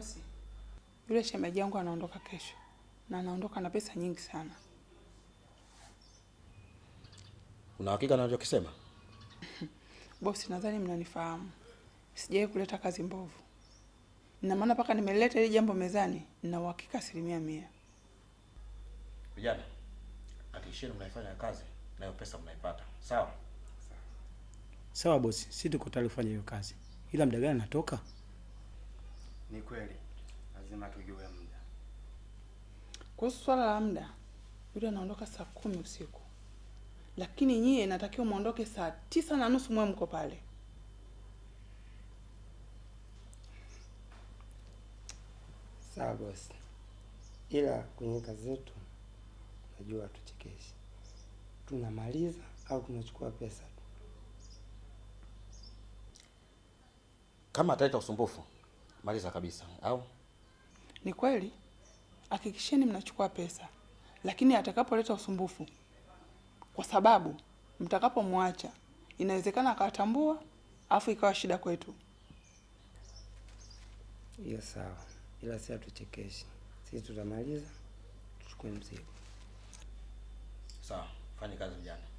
Mikosi. Yule shemeji yangu anaondoka kesho na anaondoka na pesa nyingi sana. Una hakika na anachokisema? Bosi, nadhani mnanifahamu, sijawai kuleta kazi mbovu, na maana mpaka nimeleta hili jambo mezani na uhakika asilimia mia. Vijana, hakikisheni mnaifanya kazi nayo pesa mnaipata, sawa? Sawa bosi, si tuko tayari kufanya hiyo kazi, ila muda gani natoka? Ni kweli lazima tujue muda. Kuhusu swala la muda, yule anaondoka saa kumi usiku, lakini nyie natakiwa muondoke saa tisa na nusu, mwe mko pale. Sawa bosi, ila kwenye kazi zetu najua hatuchekeshi, tunamaliza au tunachukua pesa kama ataleta usumbufu maliza kabisa, au ni kweli? Hakikisheni mnachukua pesa, lakini atakapoleta usumbufu, kwa sababu mtakapomwacha inawezekana akawatambua, afu ikawa shida kwetu. Hiyo sawa, ila si atuchekeshi. Sisi tutamaliza tuchukue mzigo. Sawa, fanya kazi vijana.